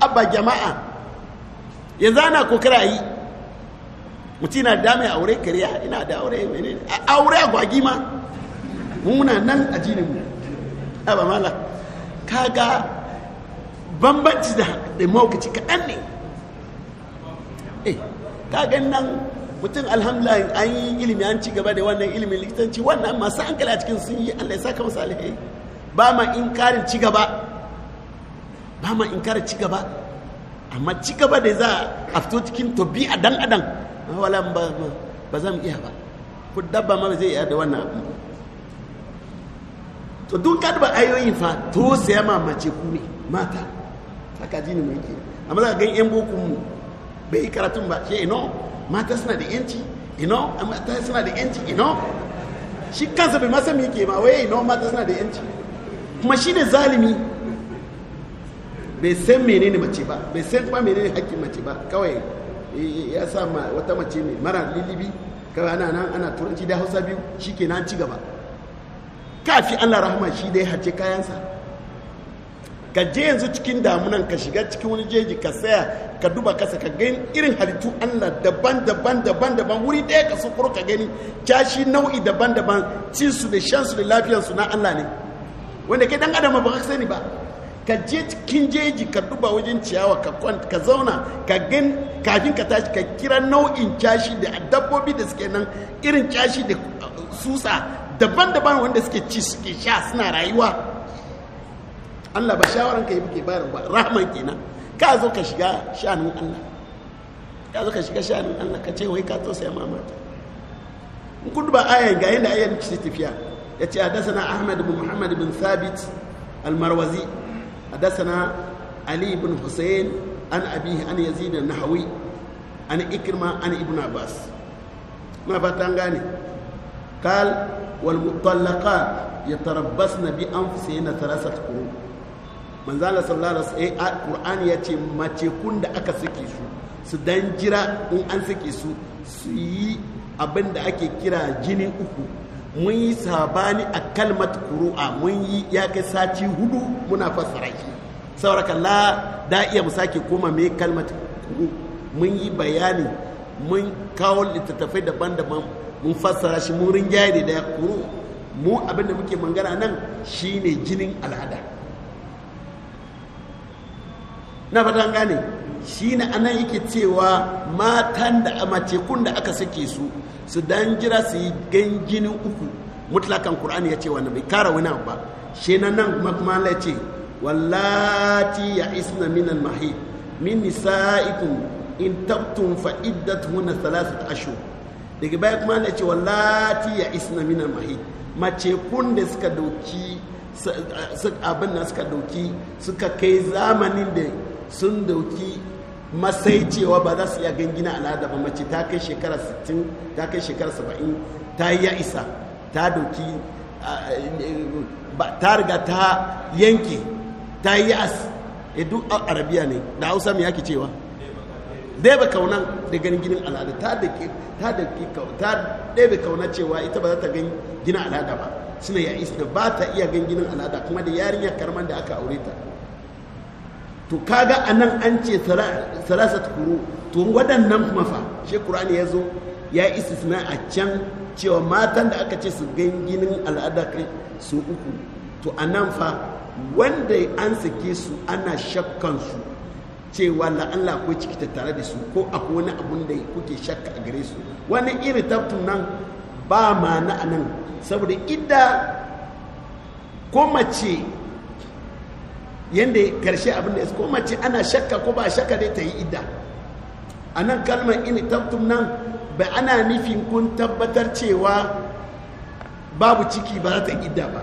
A: abba jama'a yanzu ana kokara yi mutum na da mai aure kariya ina da aure mene aure a gwagi ma muna nan a jinin mu abba mala kaga bambanci da da mawukaci kaɗan ne eh kaga nan mutum alhamdulillah an yi ilimi an ci gaba da wannan ilimin likitanci wannan masu hankali a cikin sun yi allai sa kama salihai ba ma in karin ci gaba ba ma inkara ci gaba amma ci gaba da za a fito cikin tobi a dan adam wala ba zan iya ba ku dabba ma zai iya da wannan to duk ba ayoyin fa to sai ma mace ku ne mata haka ji ne mai ke amma za ka gan yan boko mu bai karatun ba shi ino mata suna da yanci ino mata suna da yanci ino shi kansa bai masa mike ma waye ino mata suna da yanci kuma shi ne zalimi bai san menene mace ba bai san kuma menene hakkin mace ba kawai eh, eh, ya sa wata mace mai mara lilibi kawai ana nan ana turanci da hausa biyu shi ke nan ci gaba kafi allah rahama shi dai hace kayansa ka je yanzu cikin damunan ka shiga cikin wani jeji ka saya ka duba kasa ka gani irin halittu allah daban daban daban daban wuri daya ka sukuro ka gani cashi nau'i daban daban cinsu da shansu da lafiyansu na allah ne wanda ke dan adam ba ka sani ba ka je cikin jeji ka duba wajen ciyawa ka kwanta ka zauna ka gan kafin ka tashi ka kira nau'in cashi da dabbobi da suke nan irin cashi da uh, susa daban-daban wanda suke ci suke sha suna rayuwa Allah ba shawaran ka yi muke bayar ba rahman kenan ka zo ka shiga sha'anin Allah ka zo ka shiga sha'anin Allah ka ce wai ka zo sai mamata in kun duba ayan ga yanda ayan ci tafiya yace hadathana Ahmad bin Muhammad bin Thabit al-Marwazi حدثنا علي بن حسين عن أبيه عن يزيد النحوي عن إكرمة عن ابن عباس ما فتنغاني قال والمطلقات يتربصن بأنفسهن ثلاثة قرون من زال صلى الله عليه وسلم القرآن يأتي ما تكون دا أكا سكيسو سدان جرا أن سكيسو سي أبن دا أكي كرا جنين أكو mun yi sabani a kalmat kuru'a mun yi ya kai sati hudu muna fassara shi sauraka la da iya mu sake koma me kalmat kuru mun yi bayani mun kawo littattafai daban-daban mun fassara shi mun rinjaye da daya kuru mu abin da muke mangana nan shine jinin al'ada na fatan gane shine anan yake cewa matan da a kun da aka sake su su dan jira su yi uku mutlakan qur'ani ya ce wanda bai kara wani abu ba shi na nan kuma kuma Allah ya ce wallati ya isna minan mahi min nisa'ikum in tabtum fa iddatuhunna thalathat ashhur daga baya kuma Allah ya ce wallati ya isna minan mahi mace kun da suka dauki abin da suka dauki suka kai zamanin da sun dauki masai cewa ba za su iya gangina al'ada ba mace ta kai shekara 60 ta kai shekara 70 ta yi ya isa ta doki ta riga ta yanke ta yi ya as eh, duk arabiya ne da hausa mai yake cewa dai ba kauna da ganginin al'ada ta da ke ta da ke ta dai ba kauna cewa ita ba za ta gan gina al'ada ba suna ya isna ba ta iya ganginin al'ada kuma da yarinya karman da aka aure ta to kaga anan an ce salasat kuru to waɗannan mafa shi qur'ani ya zo ya istisna a can cewa matan da aka ce su ganginin al'ada kai su uku to a nan fa wanda an sake su ana shakkan su cewa la'alla ko ciki ta tare da su ko akwai wani abun da kuke shakka a gare su wani iri tabtun nan ba ma na anan saboda idda ko mace yadda karshe abin da ko mace ana shakka ko ba shakka dai ta yi idda a nan kalmar ini tabtum nan ba ana nufin kun tabbatar cewa babu ciki ba za ta idda ba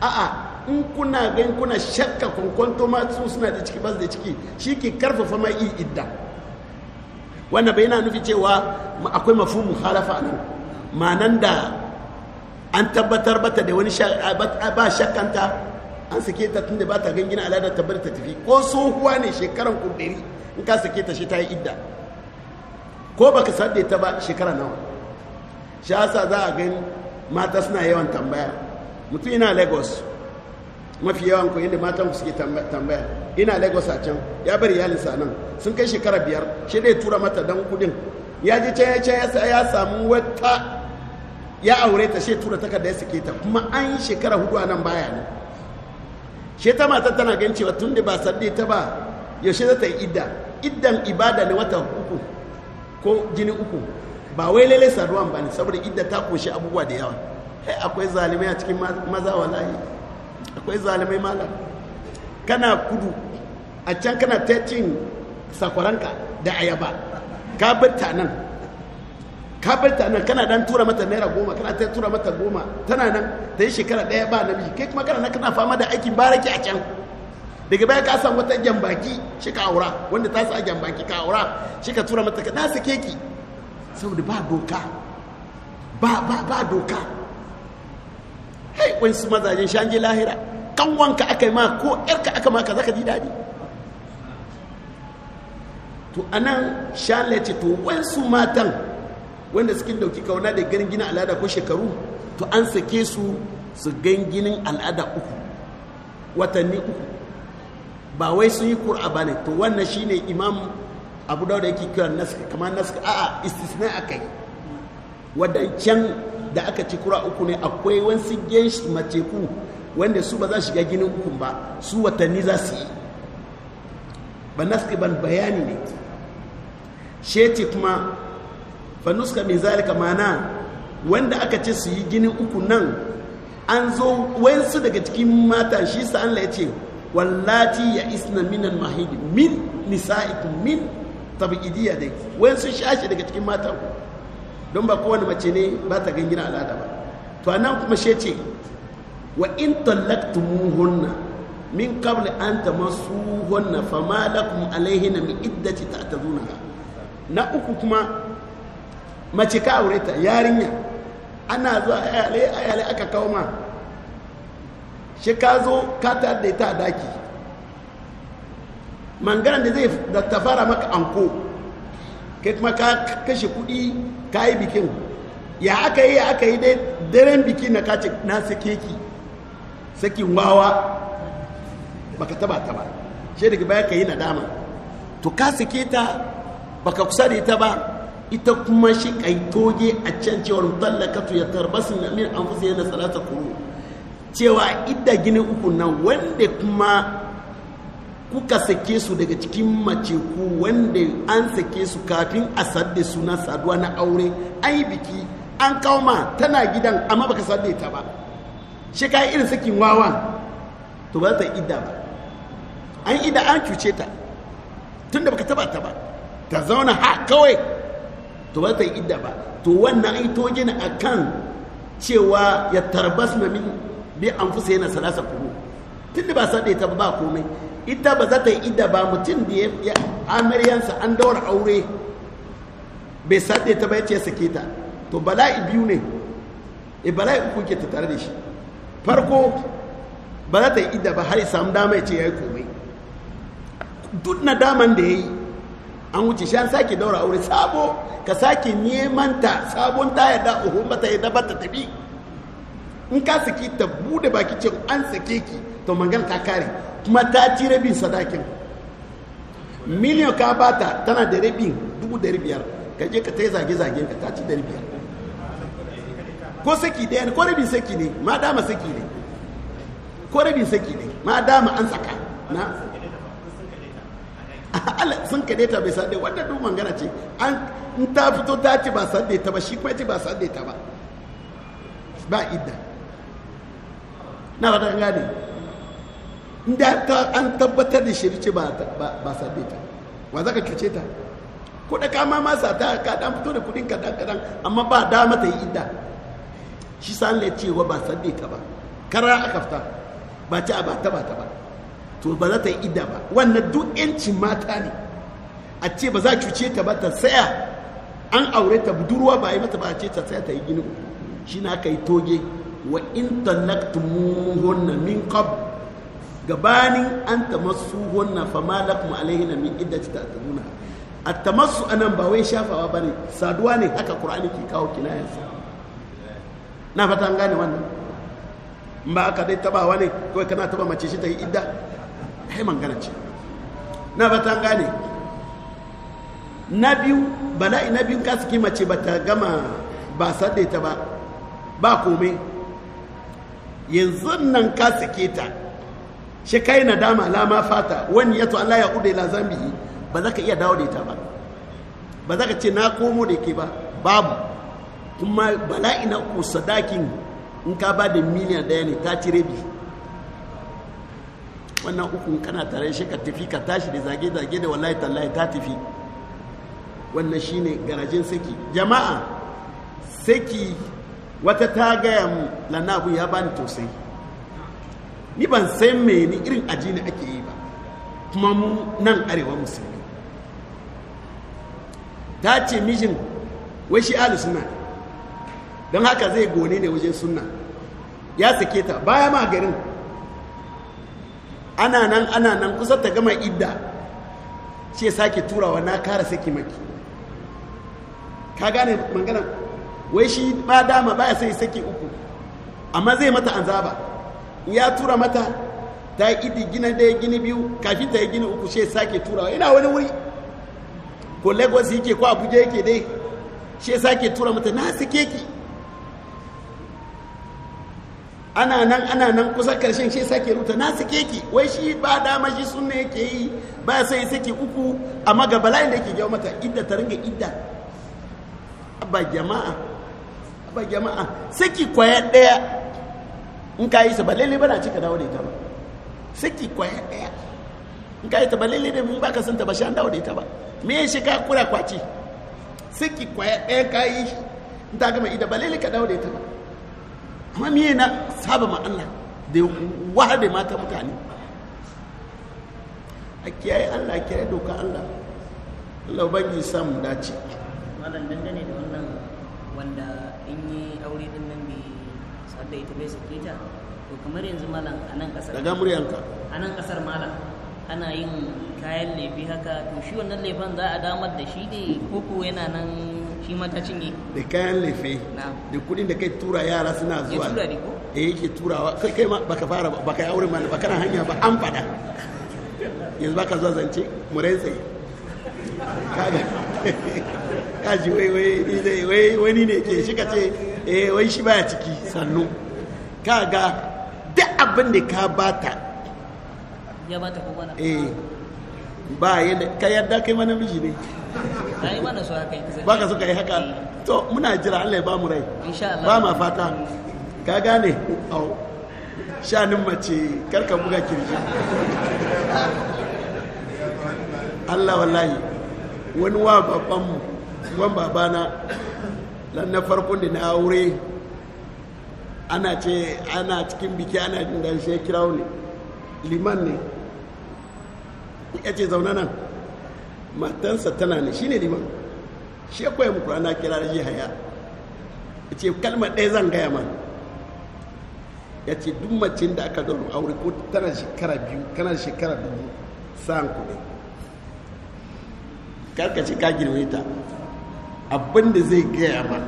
A: a'a in kuna gan kuna shakka kwankwanto ma su suna da ciki ba su da ciki shi ke karfafa ma yi idda wanda bai yana nufi cewa akwai mafi muhalafa nan nan da an tabbatar bata da wani ba shakkanta an sake ta tunda ba ta gangin al'ada ta bar ta tafi ko tsohuwa ne shekaran kudiri in ka sake ta shi ta yi idda ko ba ka sade ta ba shekara nawa shi asa za a gani mata suna yawan tambaya mutum ina lagos mafi yawan ko yadda matan ku suke tambaya ina lagos a can ya bari yalinsa nan sun kai shekara biyar shi dai tura mata dan kudin ya ji can ya can ya samu wata ya aure ta shi tura takarda ya suke ta kuma an shekara hudu a nan baya ne shi ta mata tana gan cewa tun da ba sadde ta ba yaushe za ta yi idda iddan ibada ne wata uku ko jini uku ba wai lele saduwan ba ne saboda idda ta koshi abubuwa da yawa kai akwai zalimai a cikin maza wallahi akwai zalimai mala kana kudu a can kana ta cin sakwaranka da ayaba ka bata nan kafirta nan kana dan tura mata naira goma kana ta tura mata goma tana nan ta yi shekara daya ba na kai kuma kana kana fama da aikin baraki a can daga baya ka san wata jambaki shi ka aura wanda ta sa jambaki ka aura shi ka tura mata na sake ki saboda ba doka ba ba ba doka hai wani su mazajen shanje lahira kanwanka aka yi ma ko yarka aka ma ka zaka ji daɗi to anan shanle ce to wani su matan wanda suke dauki kauna da ganginin al'ada ko shekaru to an sake su su ganginin al'ada uku watanni uku ba wai sun yi kur'a ba ne to wannan shine imam abu da yake kira naska kamar naska a'a istisna yi wadancan da aka ci kura uku ne akwai wasu genshi mateku wanda su ba za shiga ginin uku ba su watanni za su yi ba naska ban bayani ne sheti kuma fannuska mai zalika mana wanda aka ce su yi gini uku nan an zo wayansu daga cikin mata shi sa Allah ya ce wallati ya isna minan mahidi min nisa'ikum min tabi'idiyya dai wayansu shashi daga cikin mata don ba kowane mace ne ba ta gan gina al'ada ba to anan kuma she ce wa in tallaqtumuhunna min qabli an tamassuhunna fama lakum alayhinna min iddati ta'tadunaha na uku kuma mace ka aure ta yarinya ana zuwa ayale ayale aka kawo ma shi ka zo ka da ita a daki mangana da zai da ta fara maka anko kai kuma ka kashe kudi ka yi bikin ya aka yi ya aka yi dai daren bikin na kace na sake ki sakin wawa baka taba taba shi daga baya ka yi nadama to ka sake ta baka kusa da ita ba ita kuma shi toge a can cewar mutallakatu ya tarbasin na min an fusa yana salata kuru cewa idda gini uku nan wanda kuma kuka sake su daga cikin mace ku wanda an sake su kafin a sadde suna saduwa na aure an yi biki an kawo ma tana gidan amma baka sadde ta ba shi ka irin sakin wawa to ba ta idda ba an idda an cuce ta tunda baka taba ta ba ta zauna ha kawai to ba ta yi idda ba to wannan ai togin akan cewa ya tarbas na min bi an fusa yana salasa kuru tun da ba sa ta ba komai ita ba za ta yi idda ba mutum da ya amaryansa an daura aure bai saɗe ta ba ya ce sake ta to bala'i biyu ne e bala'i uku ke ta tare da shi farko ba za ta yi idda ba har ya samu dama ya ce ya yi komai duk na daman da ya yi an wuce shi an sake daura aure sabo ka sake neman ta sabon ta da uhu mata yadda ba ta tabi in ka saki ta bude baki ce an sake ki to mangan ta kare kuma ta ci rabin sadakin miliyan ka bata tana da rabin dubu da biyar ka je ka ta yi zage-zagen ka ta ci da biyar ko saki ɗaya ko rabin saki ne ma dama saki ne ko rabin saki ne ma dama an tsaka na ala sun kade ta bai sade wannan duk mangana ce an in ta fito ta ce ba sade ta ba shi kuma ce ba sade ta ba ba idda na wata gane inda ta an tabbatar da shiri ce ba ba sade ta wa zaka cuce ta ko da kama ma sa ta ka dan fito da kudin ka dan kadan amma ba da mata yi idda shi san le wa ba sade ta ba kara aka fita ba ta ba ta ba ta ba to ba za ta yi idda ba wannan duk yancin mata ne a ce ba za a cuce ta ba ta saya an aure ta budurwa ba yi mata ba a ce ta saya ta yi gini shi na aka yi toge wa in honna min kab gabanin an tamassuhunna fama lakum na min ta nuna a ta masu anan ba wai shafawa ne saduwa ne haka qur'ani ke kawo kinayan sa na fata an gane wannan ba aka dai taba ne kawai kana taba mace shi ta yi idda kai mangana ce na ba ta gane na biyu bala'i na biyu ka suke mace ba ta gama ba sadda ta ba ba kome yanzu nan ka suke ta shi kai na dama lama fata wani yato Allah ya kude la zambi ba za ka iya dawo da ita ba ba za ka ce na komo da ke ba babu kuma bala'i na uku sadakin in ka ba da miliyan daya ne ta cire biyu wannan ukun kana tare shi ka tafi ka tashi da zage-zage da wallahi tallahi ta tafi wannan shine garajin saki jama'a saki wata ta gaya mu lana ya bani tosai ni ban san me ni irin aji ne ake yi ba kuma mu nan arewa musulmi ta ce mijin wai shi alu suna don haka zai gone ne wajen sunna ya sake ta baya ma garin ana nan ana nan kusa ta gama idda ce sake turawa na kara saki maki ka gane magana wai shi ba dama ba ya sai saki uku amma zai mata an zaba ya tura mata ta yi idi gina daya gini biyu kafin ta yi gini uku shi sake turawa yana wani wuri ko lagos yake ko abuja yake dai shi sake tura mata na sake ki ana nan ana nan kusa karshen shi sake ruta na suke ke wai shi ba dama shi sunna yake yi ba sai sake uku amma ga bala'in da yake gyau mata idda ta ringa idda ba jama'a ba jama'a saki kwaya daya in ka yi sa ba lalle bana cika dawo da ita ba saki kwaya daya in ka yi ta ba lalle ne mun baka sun ta ba shi dawo da ita ba me ya shiga kura kwaci saki kwaya daya ka yi in ta gama idda ba lele ka dawo da ita ba amma miye na saba ma Allah da wahar da mata mutane a kiyaye Allah kiyaye doka Allah Allah ubangi samu dace malam dangane
B: da wannan wanda in yi aure din nan bai sadda ita bai sake ta to kamar yanzu malam a nan kasar daga muryanka a nan kasar malam ana yin kayan lefi haka to shi wannan lefan za a damar da shi ne koko yana nan shi
A: ma ta da kayan lefe da kudin da kai tura yara suna zuwa ya tura ne ko yake turawa kai kai ma baka fara baka aure ma baka na hanya ba an fada yanzu baka zuwa zance mu rantse kaga kaji wai wai wai wani ne ke shi kace eh wai shi baya ciki sannu kaga duk abin da ka bata
B: ya bata ko wani
A: eh ba yadda ka yadda kai mana miji ne baka ka ka yi haka to muna jira Allah ya ba mu rai ba ma fata ka gane au shanin mace karka buga kirji Allah wallahi wani wa babban wani babana lan na farkon da na aure ana ce ana cikin biki ana jin kirawo ne liman ne ya ce zaune nan matansa tana ne shine liman shi akwai mu na kira da ya ce kalmar ɗaya zan gaya ma ce duk macin da aka dauro aure ko tana shekara biyu kana shekara dubu sa'an kuɗi karkace ka girme ta abin da zai gaya ma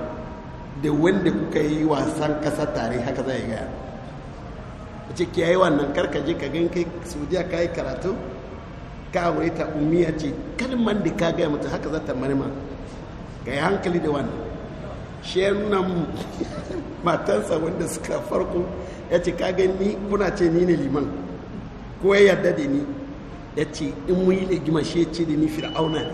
A: da wanda kuka yi wasan kasa tare haka zai gaya ce ki wannan karkaje ka gan kai saudiya ka yi karatu ka ta umiya ce kalman da ka gaya mutu haka zata ta marima ga yi hankali da wani shi ya nuna matansa wanda suka farko ya ce ka gani kuna ce ni ne liman ko ya yarda da ni ya ce in muyi yi legima shi ya ce da ni fir'auna ne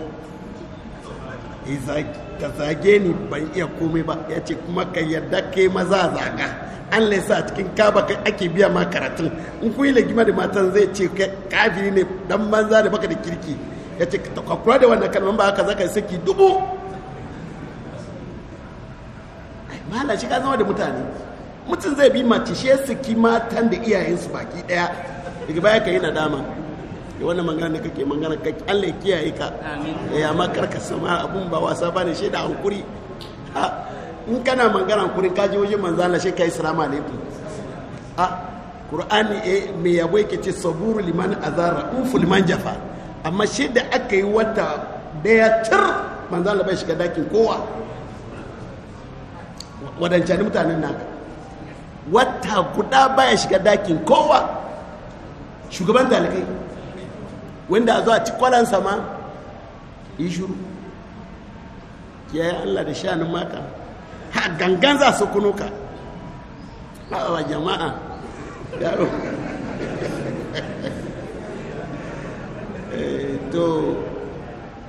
A: ka zage ni ban iya komai ba ya ce kuma ka yarda kai maza zaga an laisa cikin kaba kai ake biya ma karatun in kun yi lagima da matan zai ce kafiri ne dan banza da baka da kirki ya ce ka kura da wannan kalmar ba haka zaka saki dubu mahala shi ka zama da mutane mutum zai bi mace shi ya saki matan da iyayensu baki daya daga baya ka yi nadama da wannan magana da kake magana ka Allah ya kiyaye ka eh amma kar ka sama abun ba wasa ba ne shaida hankuri a ah, in kana magana hankuri ka je wajen manzo Allah shi kai salamu alaikum a ah, Qur'ani eh me yabo yake ce saburu liman azara ufu liman jafa amma shaida aka yi wata daya tir manzo Allah bai shiga dakin kowa wadancan mutanen naka wata guda baya shiga dakin kowa shugaban dalibai wanda a zuwa ci kwalansa ma yi shuru ya yi allah da shanin maka ha gangan za su ka ba jama'a yaro eh, to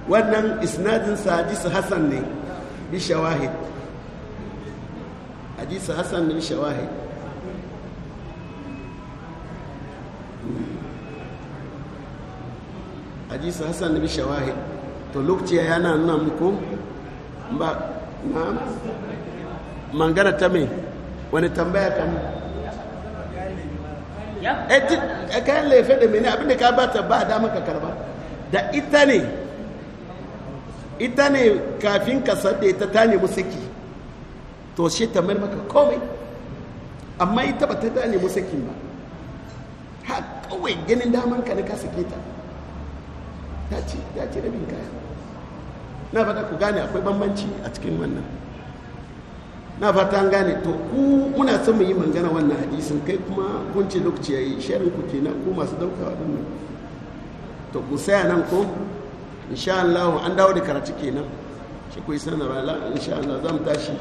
A: wannan isnadin hadisu hassan ne bi shawahid hadisu hassan ne bi shawahid hadisi hassan bi shawahid to lokaci ya yana nuna muku ba na mangana ta mai wani tambaya kan ya eh, eh, kayan laifin da mene abinda ka bata ba a damar ka karba da ita ne ita ne kafin ka sadda ita ta nemi saki to shi ta mai maka komai amma ita ba ta ta nemi sakin ba ha kawai ganin damar ka na ka sake ta ta ya rabin kaya na fata ku gane akwai bambanci a cikin wannan na fata an gane to ku muna son mu yi mangana wannan hadisin kai kuma kun ce lokaci yayi sharin ku kenan ku masu dauka wannan to ku saya nan ko insha Allah an dawo da karatu kenan shi ku yi da la insha Allah zamu tashi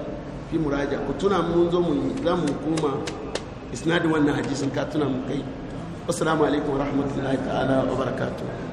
A: fi muraja ku tuna mun zo mu za mu koma isnadi wannan hadisin ka tuna mu kai assalamu alaikum warahmatullahi ta'ala wa barakatuh